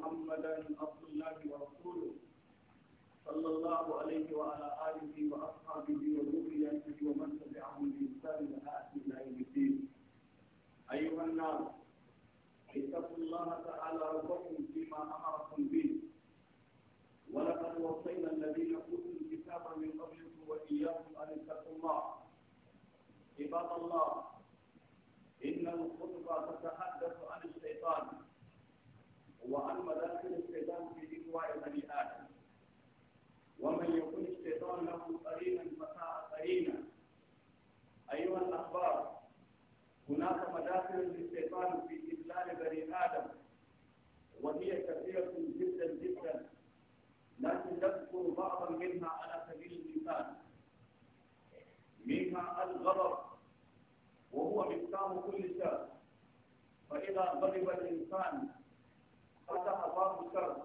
محمدا عبد الله ورسوله صلى الله عليه وعلى آله وأصحابه وذريته ومن تبعهم بإحسان إلى يوم الدين أيها الناس اتقوا الله تعالى ربكم فيما أمركم به ولقد وصينا الذين أوتوا الكتاب من قبلكم وإياكم أن اتقوا الله عباد الله إن الخطبة تتحدث عن الشيطان وأما داخل الشيطان في اقواء بني آدم ومن يكون الشيطان له قرينا فساء قرينا أيها الأخبار هناك مداخل للشيطان في إذلال بني آدم وهي كثيرة جدا جدا لكن نذكر بعضا منها على سبيل المثال منها الغضب وهو مفتاح كل شر فإذا غضب الإنسان فتح الله الكرم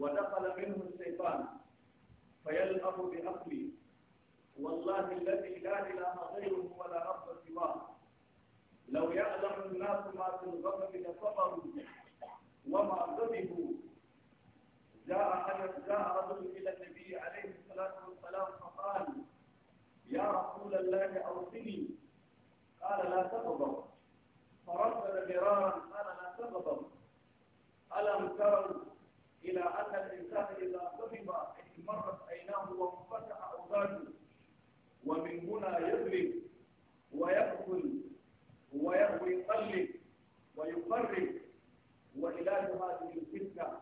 ودخل منه الشيطان فيلأم بعقلي والله الذي لا إله غيره ولا رب سواه لو يعلم الناس ما في الغضب لصبروا وما غضبوا جاء أحد جاء رجل إلى النبي عليه الصلاة والسلام فقال يا رسول الله أوصني قال لا تغضب فرد مرارا قال لا تغضب ألم تروا إلى أن الإنسان إذا غضب مرت عيناه وانفتح أوزانه ومن هنا يظلم ويقتل ويقلب ويقرب وعلاج هذه الفتنة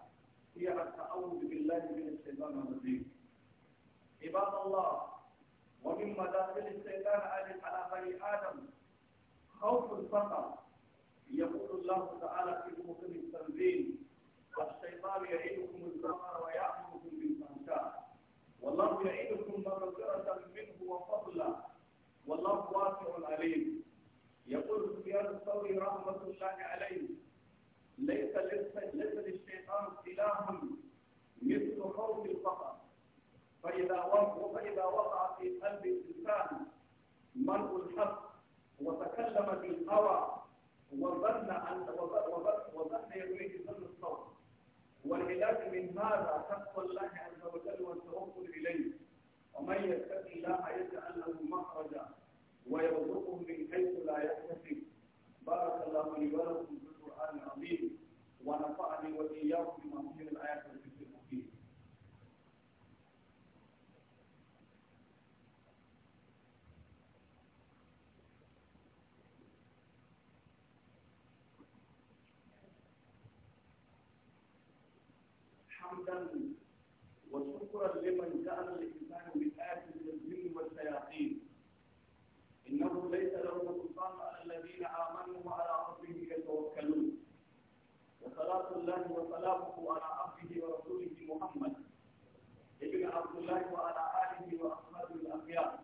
هي التعوذ بالله من الشيطان الرجيم عباد الله ومن مداخل الشيطان على بني آدم خوف الفقر يقول الله تعالى في موسم التنزيل الشيطان يعيدكم الزمر ويأمركم بالفحشاء والله يعيدكم مغفرة منه وفضلا والله واسع عليم يقول سفيان الثوري رحمة الله عليه ليس ليس والعلاج من هذا تقوى الله عز وجل والتوكل إليه ومن يتق الله يجعل له مخرجا ويرزقه من حيث لا يحتسب بارك الله لي ولكم حمدا وشكرا لمن كان الإنسان بالآية من الجن والشياطين إنه ليس له سلطان على الذين آمنوا وعلى ربهم يتوكلون وصلاة الله وسلامه على عبده ورسوله محمد ابن عبد الله وعلى آله وأصحابه الأخيار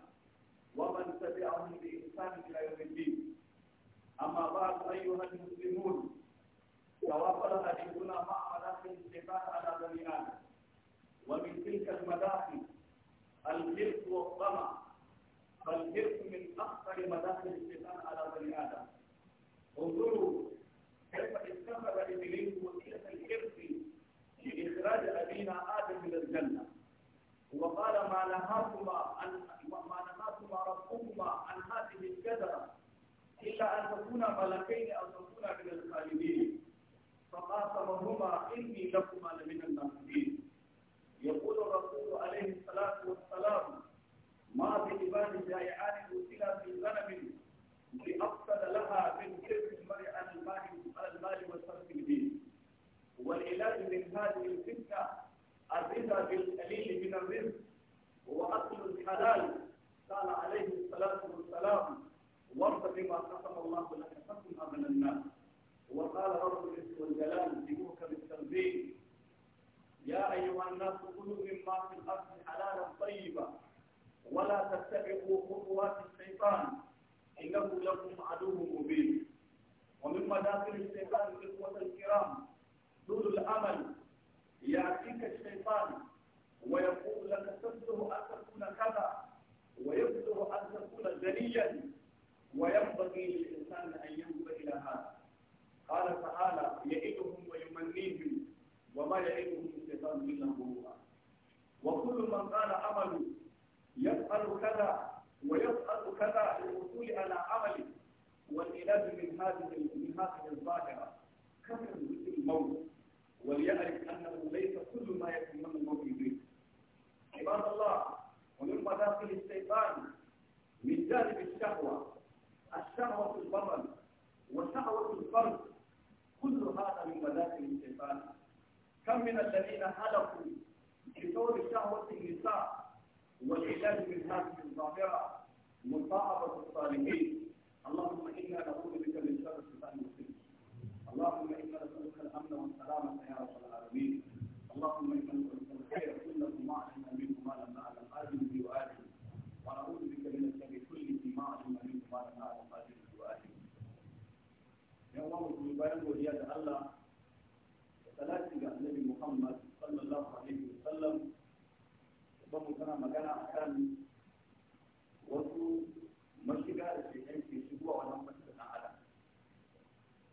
ومن تبعهم بإحسان إلى يوم الدين أما بعد أيها المسلمون توافر حديثنا ومن تلك المداخل الحرص والطمع فالحرص من أخطر مداخل الشيطان على بني آدم انظروا كيف اتخذ إبليس وسيلة الحرص لإخراج أبينا آدم من الجنة وقال ما نهاكما عن ما نهاكما ربكما عن هذه الشجرة إلا أن تكونا ملكين أو تكونا من الخالدين فقاسمهما إني لكما لمن الناصحين يقول الرسول عليه الصلاة والسلام ما بإبان جائعان وسلا في غنم لأفسد لها من كذب المرء عن المال على المال وصرف الدين والعلاج من هذه الفتنة الرضا بالقليل من الرزق وأكل الحلال قال عليه الصلاة والسلام وارض بما قسم الله لك قسمها من الناس وقال رب العز والجلال موكب التنزيل يا أيها الناس كلوا مما في الأرض حلالا طيبا ولا تتبعوا خطوات الشيطان إنه لكم عدو مبين ومن مداخل الشيطان الإخوة الكرام دون الأمل يأتيك الشيطان ويقول لك تبدو أن تكون كذا ويبدو أن تكون ذليا وينبغي للإنسان أن ينظر إلى هذا قال تعالى يعدهم ويمنيهم وما يعدهم من وكل من قال عمله يفعل كذا ويفعل كذا للحصول على عمله والعلاج من هذه من هذه الظاهرة كثر مثل الموت وليعرف أنه ليس كل ما يتمنى الموت به عباد الله ومن مداخل الشيطان من جانب الشهوة الشهوة البطن وشهوة الفرد كل هذا من مداخل الشيطان كم من الذين هلكوا بطول شهوة النساء والعلاج من هذه الظاهرة مصاحبة الصالحين اللهم إنا نعوذ بك من شر الشيطان المسلم اللهم إنا نسألك الأمن والسلامة يا رب العالمين اللهم إنا نسألك الخير كله ما علمنا منه ما لم نعلم آدم به وآدم ونعوذ بك من الشر كله ما علمنا منه ما لم نعلم آدم به وآدم يا الله بارك وإياك الله salati ga annabi Muhammad sallallahu alaihi wa sallam. babu tana magana a kan wasu mashiga da ke yanke shigowa wannan mashiga ɗan adam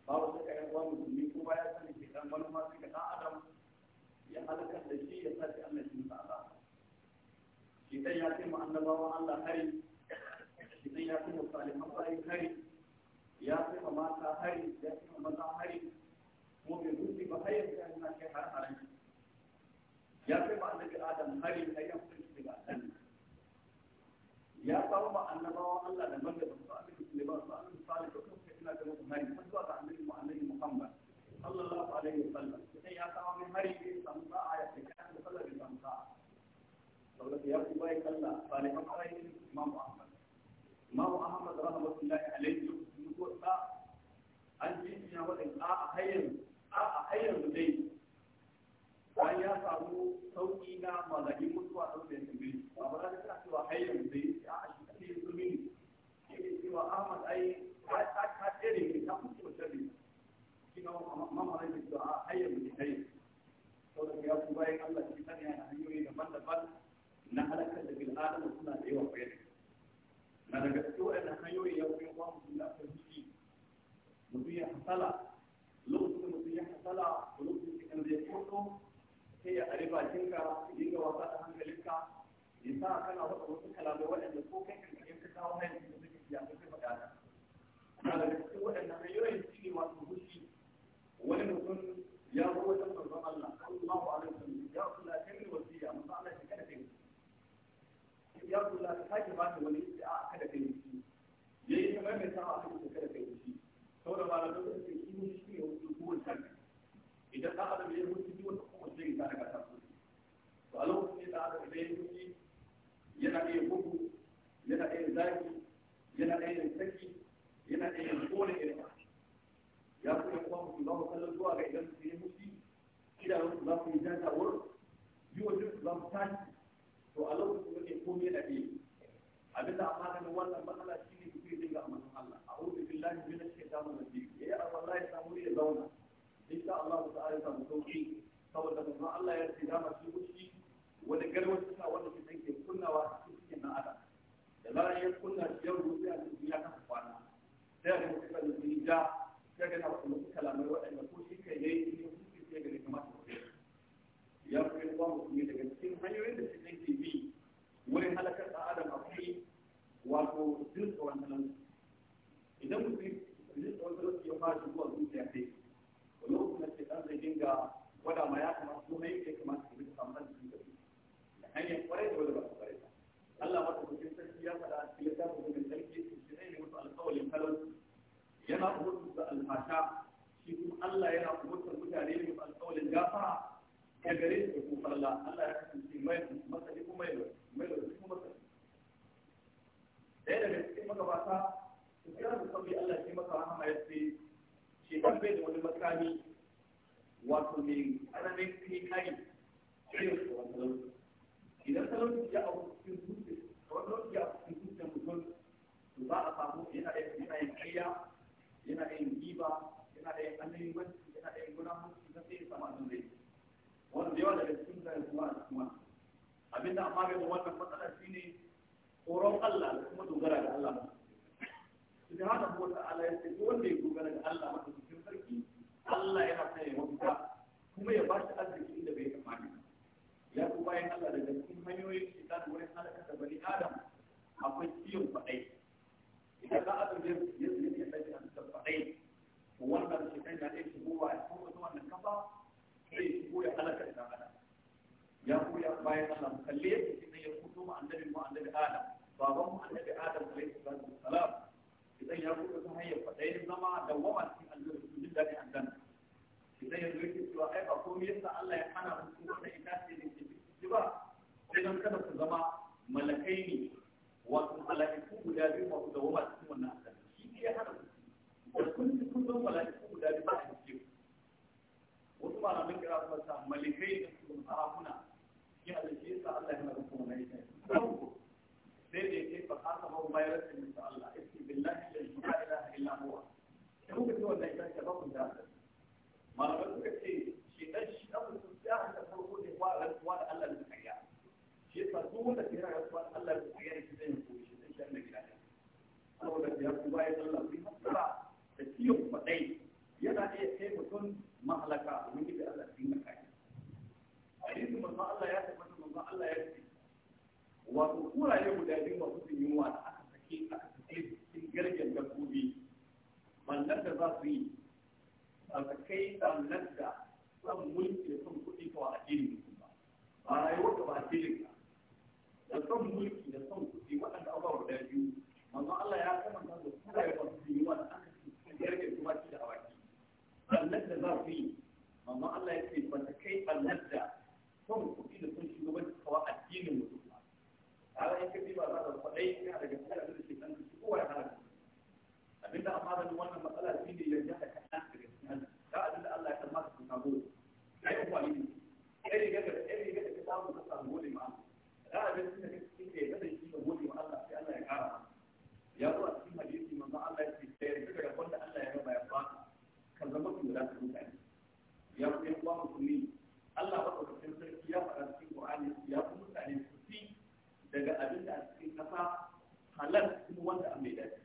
babu suka yan uwa musulmi ko baya sani ke ɗan manoma suka ɗan adam ya halakar da shi ya sace Allah shi musa azaba shi dan ya ce mu annabawan Allah hari shi dan ya ce mu salihan bayi hari ya ce mata hari ya ce maza hari موجود في بحيث أنها شيء حرام يا سيما أنك آدم هاي الأيام في الجبال يا سيما أن الله الله لم يجب الصالح لباس صالح صالح وكم سيما كنت هاي فسوى عن النبي محمد صلى الله عليه وسلم يا سيما من هاي في سمساء آية كان يصلى في سمساء دولة يا سيما يصلى صالحا عليه إمام أحمد إمام أحمد رحمة الله عليه يقول أن جئنا ولن آه هيا har da dai ba ya samu sauƙi na malagin mutuwa don da yanzu dai ba ba za ta cewa har yanzu dai ya a shi kaɗai yanzu mini ke cewa ahmad ayi ta ta tsere ne ta mutu wa shari shi na mamalar da cewa a har da dai da ya fi bayan allah shi kan yana hanyoyi daban-daban na halakar da bil'adama suna da yawa fere. na daga cikin waɗannan hanyoyi ya fi kuma mutum da aka zuci mutum ya hasala lokacin ya kasala da lokacin da zai fito sai ya tsari bakinka ya dinga wasa da hankalinka ya sa kana faɗa wasu kalamai waɗanda ko kai kan ka kawo hanyar da suke ya fi faɗa da cikin waɗannan hanyoyin da kowane irin ya kuma kuma ba mu kallon zuwa ga idan su yi musu idanun su za su yi jajawar yi wajen su za mu tashi to a lokacin da ke komai da ɗaya abin da amma ganin wannan matsala shi ne mutum ya dinga a amman Allah a hudu billahi min ash-shaytanir rajim yayi Allah ya samu ya zauna insha Allah ta'ala ya samu sauƙi. saboda kuma Allah ya ce dama shi mushi wani garwar suna wanda ke take kunnawa cikin na'ada. da lara ya kunna shi yau rufe a cikin ya sai a rubuta kan zuri ja sai ka na wasu kalamai waɗanda ko shi kai ne in ya kuke sai ga kamata ku ya fi yin kwamu kuma daga cikin hanyoyin da shi ke bi wurin halakar da adam akwai wato jin tsawon talauci idan mutum jin tsawon talauci ya fara zuwa zuciya kai wani hukumar ce ɗan zai dinga gwada ma ya kamata ko mai ya kamata ku bi ta samun da hanyar kwarai da wani ba gare shi ku falla Allah ya kasance mai masali kuma mai kuma masali daga cikin magabata su kira da sabbi Allah shi maka rahama ya shi bai da wani makami wato ne kai kai idan talauci ya abu cikin abinda amma ga wannan matsala ne tsoron Allah da kuma dogara ga Allah subhanahu wa ala ya ce wanda ya dogara ga Allah cikin sarki Allah yana sanya mafita kuma ya ba shi arziki kalle idan ya fito mu annabi mu annabi adam baban mu annabi adam alaihi salatu wassalam idan ya fito ta hanyar fadayin zama da wawan makunta malamai suka ce shi dan shi dan mutum sai aka ta farko ne ba rantsuwa da Allah da kariya shi yasa duk wanda ke yana rantsuwa da Allah da kariya shi zai yi shi zai shi da gida ne saboda ya ku bayan Allah ku hasara da kiyon kwadai yana iya kai mutum mahalaka mun yi da Allah cikin da kai a yanzu manzo Allah ya tabbata manzo Allah ya ce wato kuraye guda biyu masu sun yi matsayi yana daga cikin abin da ke nan su kowa ya hana abin da amma da wannan matsala shi ne yanzu da kaɗan daga cikin hannun da abin da Allah ya san masa sun samu da ya kwa ne ɗaya riga da ɗaya riga da ka samu ka samu gode ma da abin da ka cikin da ya zai shi ka gode ma Allah sai Allah ya kara ya zo a cikin hadisi manzon Allah ya ce ɗaya riga daga wanda Allah ya raba ya fata kan zama su da su mutane ya fi yan uwa musulmi Allah ba ka sarki ya faɗa cikin Qur'ani ya fi mutane su daga abin da kasa halal kuma wanda an mai dace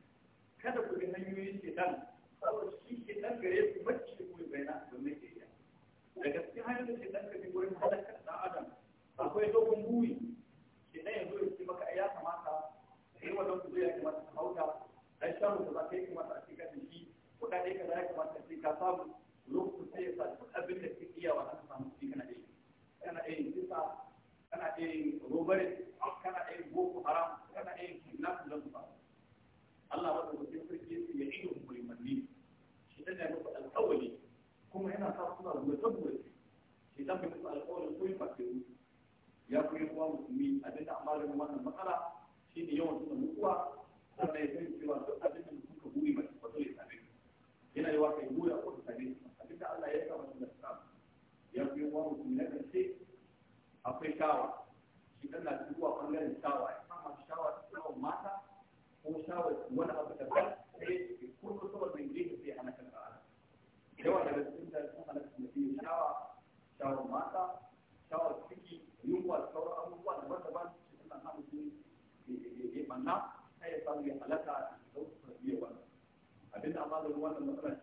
kada ku bi hanyoyin shedan saboda shi shedan gare ku bacci ku bayyana domin ke iya da gaske hanyoyin da shedan ka bi wurin halakar dan adam akwai dogon buri shedan ya zo ya ce maka ya kamata ka yi wannan kuzo ya kamata ka hauta dan shamu da ba ka yi kamata a ce ka shi kuɗaɗe ka za ya kamata a ce ka samu lokacin sai ya sa duk abin da ke iya wa ka samu shi kana ɗaya, kana ɗaya yin kisa kana ɗaya yin robarin akwai shawa shi dan na zuwa bangaren shawa ya kama shawa shawa mata ko shawa wani abu da ba sai kurkur saboda mai zai sai hana kan ra'a yawa daga cikin da sun hana kan mutum shawa shawa mata shawa ciki yunwa da sauran abubuwa da wanda ba su cikin nan hana su ya manna sai ya samu ya halaka da sauran biyar wannan abinda amma da ruwan da matsalar